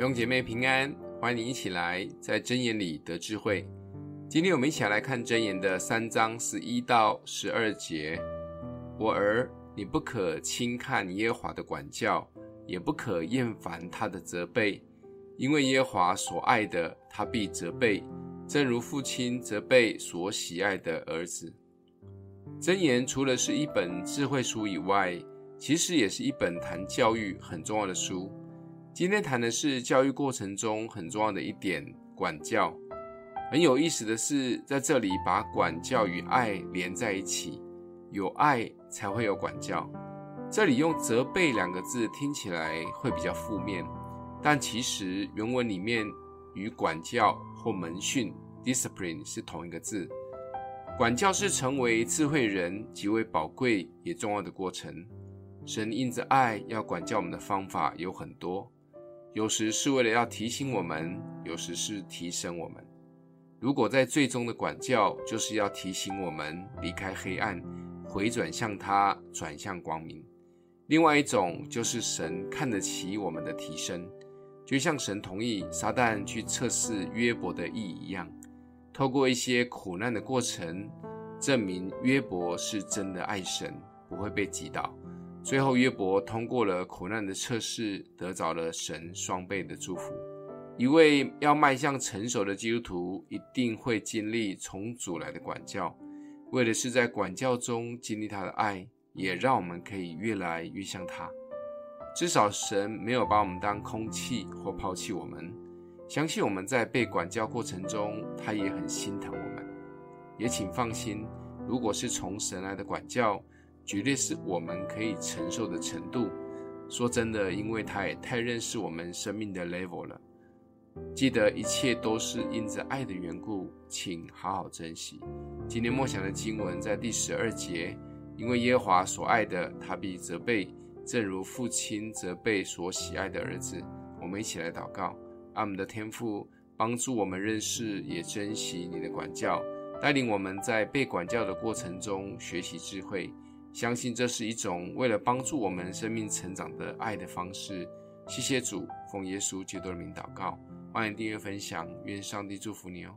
弟兄姐妹平安，歡迎你一起來在箴言裡得智慧。今天我們一起來，來看箴言的三章十一到十二節。我兒，你不可輕看耶和華的管教，也不可厭煩他的責備，因為耶和華所愛的，他必責備，正如父親責備所喜愛的兒子。箴言除了是一本智慧書以外，其實也是一本談教育很重要的書。今天談的是教育過程中很重要的一點——管教。很有意思的是，在這裡把管教與愛連在一起，有愛才會有管教。這裡用“責備”兩個字聽起來會比較負面，但其實原文裡面與“管教”或“門訓 ”（discipline） 是同一個字。管教是成為智慧人極為寶貴也重要的過程。神因着愛要管教我們的方法有很多。有時是為了要提醒我們，有時是提升我們。如果在罪中的管教，就是要提醒我們離開黑暗，回轉向他，轉向光明。另外一種就是神看得起我們的提升，就像神同意撒旦去測試約伯的義一樣，透過一些苦難的過程，證明約伯是真的愛神，不會被擊倒。最後，約伯通過了苦難的測試，得着了神雙倍的祝福。一位要邁向成熟的基督徒，一定會經歷從主來的管教，為的是在管教中經歷他的愛，也讓我們可以越來越像他。至少，神沒有把我們當空氣或拋棄我們。相信我們在被管教過程中，他也很心疼我們。也請放心，如果是從神來的管教，絕對是我們可以承受的程度。說真的，因為他也太認識我們生命的 level 了。記得一切都是因着愛的緣故，請好好珍惜。今天默想的經文在第十二節，因為耶和華所愛的，他必責備，正如父親責備所喜愛的兒子。我們一起來禱告：愛我們的天父，幫助我們認識也珍惜你的管教，帶領我們在被管教的過程中學習智慧。相信這是一種為了幫助我們生命成長的愛的方式。謝謝主，奉耶穌基督的名禱告。歡迎訂閱分享，願上帝祝福你哦。